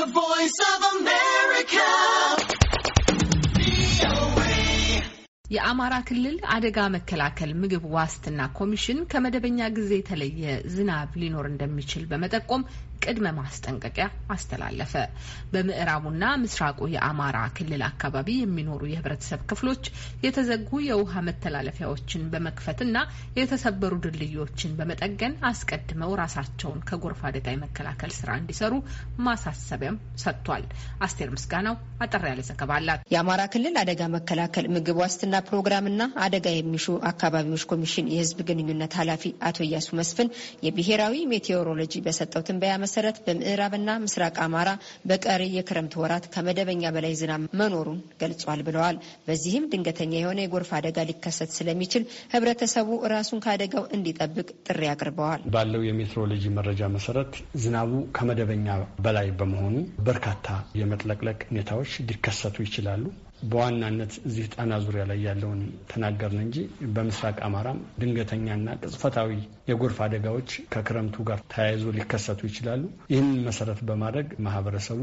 The Voice of America. የአማራ ክልል አደጋ መከላከል ምግብ ዋስትና ኮሚሽን ከመደበኛ ጊዜ የተለየ ዝናብ ሊኖር እንደሚችል በመጠቆም ቅድመ ማስጠንቀቂያ አስተላለፈ። በምዕራቡና ምስራቁ የአማራ ክልል አካባቢ የሚኖሩ የህብረተሰብ ክፍሎች የተዘጉ የውሃ መተላለፊያዎችን በመክፈትና የተሰበሩ ድልድዮችን በመጠገን አስቀድመው ራሳቸውን ከጎርፍ አደጋ የመከላከል ስራ እንዲሰሩ ማሳሰቢያም ሰጥቷል። አስቴር ምስጋናው አጠር ያለ ዘገባ አላት። የአማራ ክልል አደጋ መከላከል ምግብ ዋስትና ፕሮግራምና አደጋ የሚሹ አካባቢዎች ኮሚሽን የህዝብ ግንኙነት ኃላፊ አቶ እያሱ መስፍን የብሔራዊ ሜቴዎሮሎጂ በሰጠው ትንበያ መሰረት በምዕራብና ምስራቅ አማራ በቀሪ የክረምት ወራት ከመደበኛ በላይ ዝናብ መኖሩን ገልጿል ብለዋል። በዚህም ድንገተኛ የሆነ የጎርፍ አደጋ ሊከሰት ስለሚችል ህብረተሰቡ ራሱን ከአደጋው እንዲጠብቅ ጥሪ አቅርበዋል። ባለው የሜትሮሎጂ መረጃ መሰረት ዝናቡ ከመደበኛ በላይ በመሆኑ በርካታ የመጥለቅለቅ ሁኔታዎች ሊከሰቱ ይችላሉ። በዋናነት እዚህ ጣና ዙሪያ ላይ ያለውን ተናገርን እንጂ በምስራቅ አማራም ድንገተኛና ቅጽፈታዊ የጎርፍ አደጋዎች ከክረምቱ ጋር ተያይዞ ሊከሰቱ ይችላሉ። ይችላሉ። ይህንን መሰረት በማድረግ ማህበረሰቡ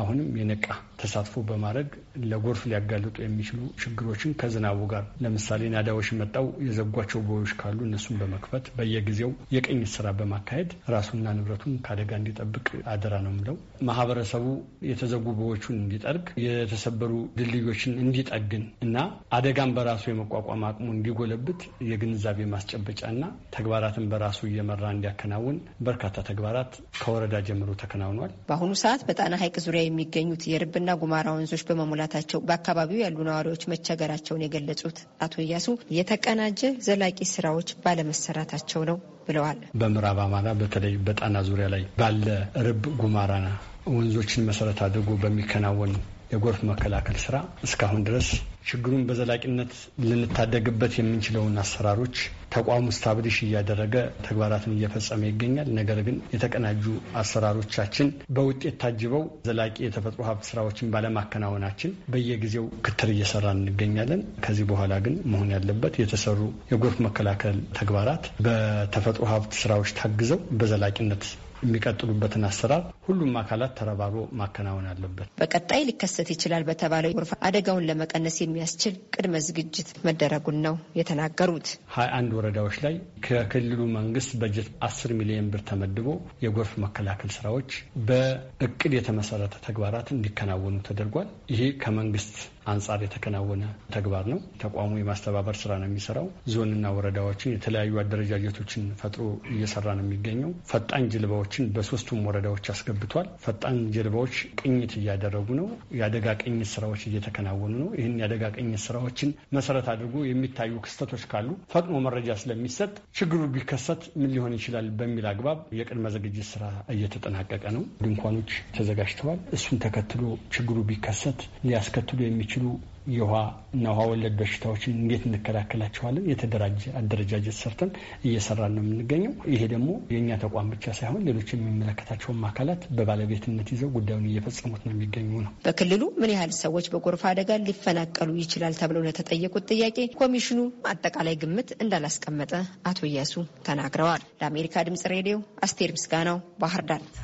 አሁንም የነቃ ተሳትፎ በማድረግ ለጎርፍ ሊያጋልጡ የሚችሉ ችግሮችን ከዝናቡ ጋር ለምሳሌ ናዳዎች መጣው የዘጓቸው ቦዮች ካሉ እነሱን በመክፈት በየጊዜው የቅኝት ስራ በማካሄድ ራሱና ንብረቱን ከአደጋ እንዲጠብቅ አደራ ነው ምለው። ማህበረሰቡ የተዘጉ ቦዮቹን እንዲጠርግ፣ የተሰበሩ ድልድዮችን እንዲጠግን እና አደጋን በራሱ የመቋቋም አቅሙ እንዲጎለብት የግንዛቤ ማስጨበጫና ተግባራትን በራሱ እየመራ እንዲያከናውን በርካታ ተግባራት ከወረዳ ጀምሮ ተከናውኗል። በአሁኑ ሰዓት በጣና ሐይቅ ዙሪያ በዙሪያ የሚገኙት የርብና ጉማራ ወንዞች በመሙላታቸው በአካባቢው ያሉ ነዋሪዎች መቸገራቸውን የገለጹት አቶ እያሱ የተቀናጀ ዘላቂ ስራዎች ባለመሰራታቸው ነው ብለዋል። በምዕራብ አማራ በተለይ በጣና ዙሪያ ላይ ባለ ርብ ጉማራ ወንዞችን መሰረት አድርጎ በሚከናወን የጎርፍ መከላከል ስራ እስካሁን ድረስ ችግሩን በዘላቂነት ልንታደግበት የምንችለውን አሰራሮች ተቋሙ ስታብሊሽ እያደረገ ተግባራትን እየፈጸመ ይገኛል። ነገር ግን የተቀናጁ አሰራሮቻችን በውጤት ታጅበው ዘላቂ የተፈጥሮ ሀብት ስራዎችን ባለማከናወናችን በየጊዜው ክትር እየሰራ እንገኛለን። ከዚህ በኋላ ግን መሆን ያለበት የተሰሩ የጎርፍ መከላከል ተግባራት በተፈጥሮ ሀብት ስራዎች ታግዘው በዘላቂነት የሚቀጥሉበትን አሰራር ሁሉም አካላት ተረባሮ ማከናወን አለበት። በቀጣይ ሊከሰት ይችላል በተባለው ጎርፍ አደጋውን ለመቀነስ የሚያስችል ቅድመ ዝግጅት መደረጉን ነው የተናገሩት። ሀያ አንድ ወረዳዎች ላይ ከክልሉ መንግስት በጀት አስር ሚሊዮን ብር ተመድቦ የጎርፍ መከላከል ስራዎች በእቅድ የተመሰረተ ተግባራት እንዲከናወኑ ተደርጓል። ይሄ ከመንግስት አንጻር የተከናወነ ተግባር ነው። ተቋሙ የማስተባበር ስራ ነው የሚሰራው። ዞንና ወረዳዎችን የተለያዩ አደረጃጀቶችን ፈጥሮ እየሰራ ነው የሚገኘው። ፈጣን ጀልባዎች ጀልባዎችን በሶስቱም ወረዳዎች አስገብቷል። ፈጣን ጀልባዎች ቅኝት እያደረጉ ነው። የአደጋ ቅኝት ስራዎች እየተከናወኑ ነው። ይህን የአደጋ ቅኝት ስራዎችን መሰረት አድርጎ የሚታዩ ክስተቶች ካሉ ፈጥኖ መረጃ ስለሚሰጥ ችግሩ ቢከሰት ምን ሊሆን ይችላል በሚል አግባብ የቅድመ ዝግጅት ስራ እየተጠናቀቀ ነው። ድንኳኖች ተዘጋጅተዋል። እሱን ተከትሎ ችግሩ ቢከሰት ሊያስከትሉ የሚችሉ የውሃ እና ውሃ ወለድ በሽታዎችን እንዴት እንከላከላቸዋለን የተደራጀ አደረጃጀት ሰርተን እየሰራን ነው የምንገኘው። ይሄ ደግሞ የእኛ ተቋም ብቻ ሳይሆን ሌሎች የሚመለከታቸውም አካላት በባለቤትነት ይዘው ጉዳዩን እየፈጸሙት ነው የሚገኙ ነው። በክልሉ ምን ያህል ሰዎች በጎርፍ አደጋ ሊፈናቀሉ ይችላል ተብለው ለተጠየቁት ጥያቄ ኮሚሽኑ አጠቃላይ ግምት እንዳላስቀመጠ አቶ እያሱ ተናግረዋል። ለአሜሪካ ድምጽ ሬዲዮ አስቴር ምስጋናው ባህር ዳር